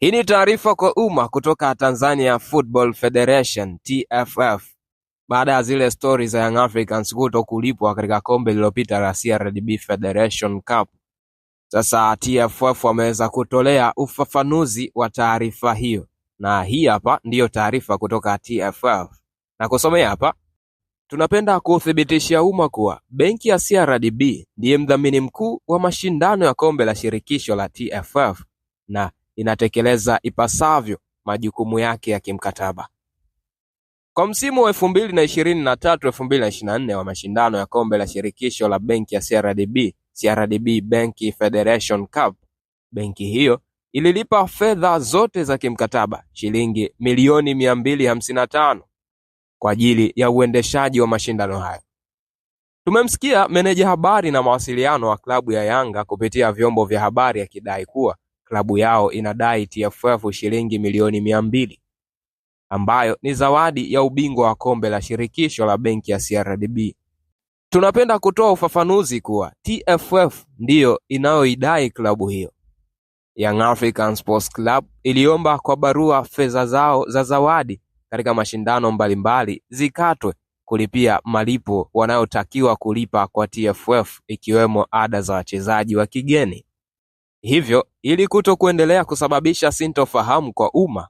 Hii ni taarifa kwa umma kutoka Tanzania Football Federation TFF baada ya zile stori za Young Africans kuto kulipwa katika kombe lililopita la CRDB Federation Cup. Sasa TFF wameweza kutolea ufafanuzi wa taarifa hiyo, na hii hapa ndiyo taarifa kutoka TFF na kusomea hapa. Tunapenda kuuthibitishia umma kuwa benki ya CRDB ndiye mdhamini mkuu wa mashindano ya kombe la shirikisho la TFF na inatekeleza ipasavyo majukumu yake ya kimkataba. Kwa msimu wa 2023 2024 wa mashindano ya kombe la shirikisho la benki ya CRDB, CRDB Bank Federation Cup, benki hiyo ililipa fedha zote za kimkataba shilingi milioni 255 kwa ajili ya uendeshaji wa mashindano hayo. Tumemsikia meneja habari na mawasiliano wa klabu ya Yanga kupitia vyombo vya habari akidai kuwa klabu yao inadai TFF shilingi milioni mia mbili ambayo ni zawadi ya ubingwa wa kombe la shirikisho la benki ya CRDB. Tunapenda kutoa ufafanuzi kuwa TFF ndiyo inayoidai klabu hiyo. Young African Sports Club iliomba kwa barua fedha zao za zawadi katika mashindano mbalimbali zikatwe kulipia malipo wanayotakiwa kulipa kwa TFF ikiwemo ada za wachezaji wa kigeni. Hivyo ili kuto kuendelea kusababisha sintofahamu kwa umma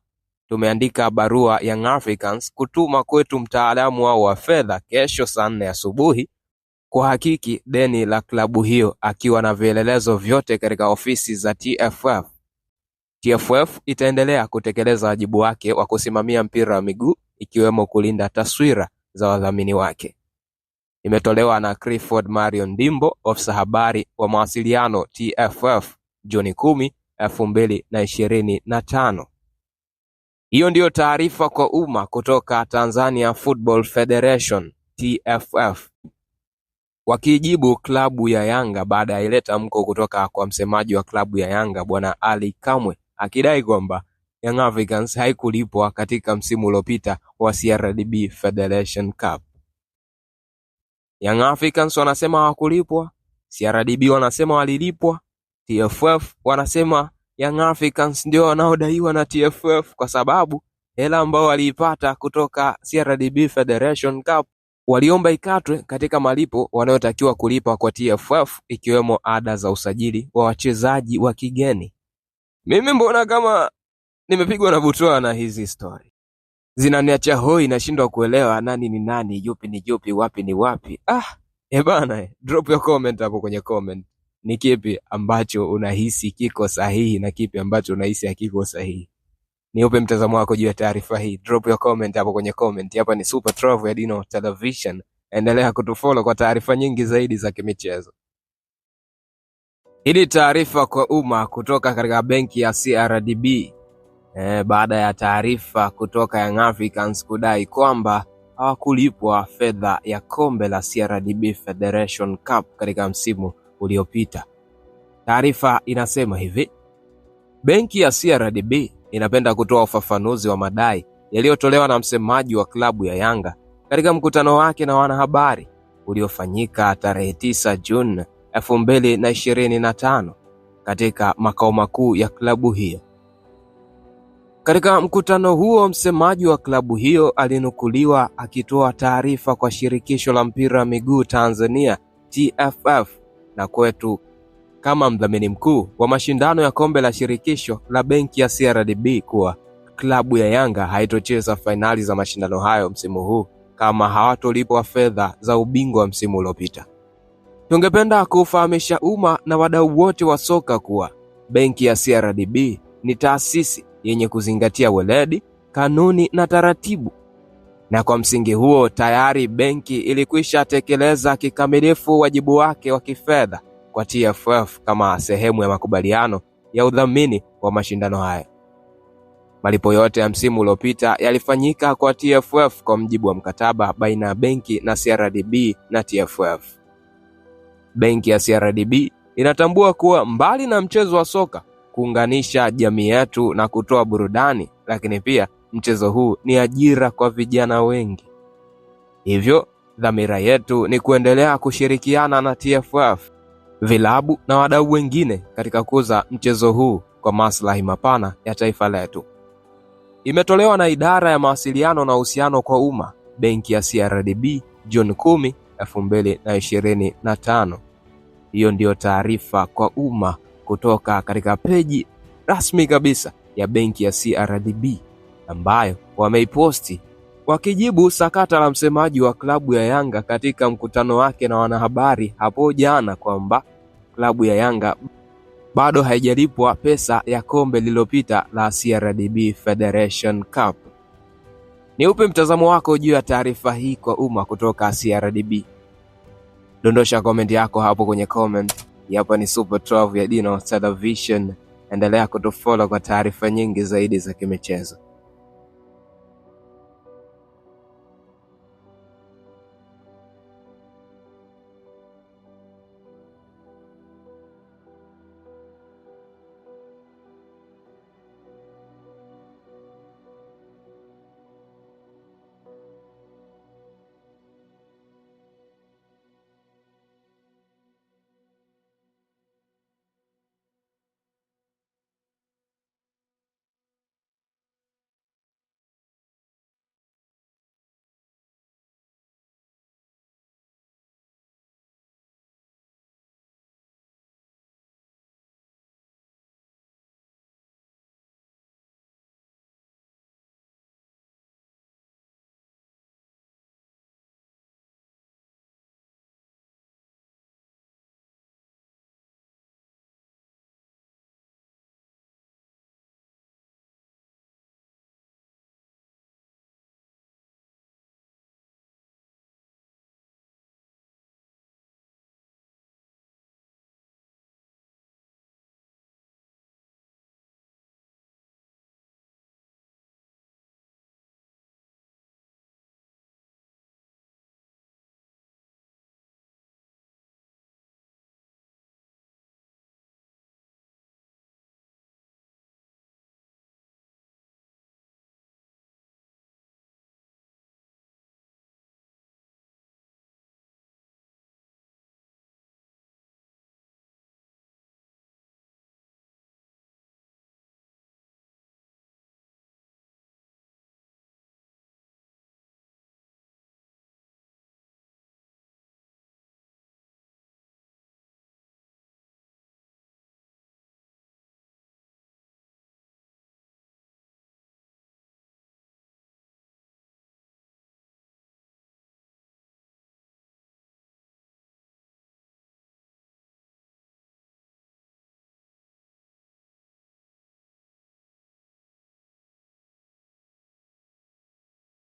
tumeandika barua Young Africans kutuma kwetu mtaalamu wao wa fedha kesho saa nne asubuhi kuhakiki deni la klabu hiyo akiwa na vielelezo vyote katika ofisi za TFF. TFF itaendelea kutekeleza wajibu wake wa kusimamia mpira wa miguu ikiwemo kulinda taswira za wadhamini wake. Imetolewa na Clifford Marion Dimbo, ofisa habari wa mawasiliano TFF. Juni kumi elfu mbili na ishirini na tano Hiyo ndiyo taarifa kwa umma kutoka Tanzania Football Federation TFF wakijibu klabu ya Yanga baada ya ile tamko kutoka kwa msemaji wa klabu ya Yanga Bwana Ali Kamwe akidai kwamba Young Africans haikulipwa katika msimu uliopita wa CRDB Federation Cup. Young Africans wanasema hawakulipwa, CRDB wanasema walilipwa, TFF wanasema Young Africans ndio wanaodaiwa na TFF kwa sababu hela ambao waliipata kutoka CRDB Federation Cup waliomba ikatwe katika malipo wanayotakiwa kulipa kwa TFF ikiwemo ada za usajili wa wachezaji wa kigeni. Mimi mbona kama nimepigwa na butoa na hizi stori zinaniacha hoi, nashindwa kuelewa nani ni nani, yupi ni yupi, wapi ni wapi. Ah ebana, eh eh, drop your comment hapo kwenye comment. Ni kipi ambacho unahisi kiko sahihi na kipi ambacho unahisi hakiko sahihi? Niupe mtazamo wako juu ya taarifa hii, drop your comment hapo kwenye comment. Hapa ni Super travel ya Dino Television, endelea kutufollow kwa taarifa nyingi zaidi za kimichezo. Hii taarifa kwa umma kutoka katika benki ya CRDB eh, baada ya taarifa kutoka Young Africans kudai kwamba hawakulipwa fedha ya kombe la CRDB Federation Cup katika msimu uliopita. Taarifa inasema hivi: benki ya CRDB inapenda kutoa ufafanuzi wa madai yaliyotolewa na msemaji wa klabu ya Yanga katika mkutano wake na wanahabari uliofanyika tarehe 9 Juni 2025 katika makao makuu ya klabu hiyo. Katika mkutano huo, msemaji wa klabu hiyo alinukuliwa akitoa taarifa kwa shirikisho la mpira wa miguu Tanzania TFF na kwetu kama mdhamini mkuu wa mashindano ya kombe la shirikisho la benki ya CRDB kuwa klabu ya Yanga haitocheza fainali za mashindano hayo msimu huu kama hawatolipwa fedha za ubingwa wa msimu uliopita. Tungependa kuufahamisha umma na wadau wote wa soka kuwa benki ya CRDB ni taasisi yenye kuzingatia weledi, kanuni na taratibu na kwa msingi huo tayari benki ilikwisha tekeleza kikamilifu wajibu wake wa kifedha kwa TFF kama sehemu ya makubaliano ya udhamini wa mashindano haya Malipo yote ya msimu uliopita yalifanyika kwa TFF kwa mjibu wa mkataba baina ya benki na CRDB na TFF. Benki ya CRDB inatambua kuwa mbali na mchezo wa soka kuunganisha jamii yetu na kutoa burudani, lakini pia Mchezo huu ni ajira kwa vijana wengi, hivyo dhamira yetu ni kuendelea kushirikiana na TFF, vilabu na wadau wengine katika kuza mchezo huu kwa maslahi mapana ya taifa letu. Imetolewa na idara ya mawasiliano na uhusiano kwa umma, benki ya CRDB, Juni 10, 2025. Hiyo ndiyo taarifa kwa umma kutoka katika peji rasmi kabisa ya benki ya CRDB ambayo wameiposti wakijibu sakata la msemaji wa klabu ya Yanga katika mkutano wake na wanahabari hapo jana kwamba klabu ya Yanga bado haijalipwa pesa ya kombe lililopita la CRDB Federation Cup. Ni upe mtazamo wako juu ya taarifa hii kwa umma kutoka CRDB. Dondosha komenti yako hapo kwenye comment. Hapa ni Super 12 ya Dino Television. Endelea kutufollow kwa taarifa nyingi zaidi za kimichezo.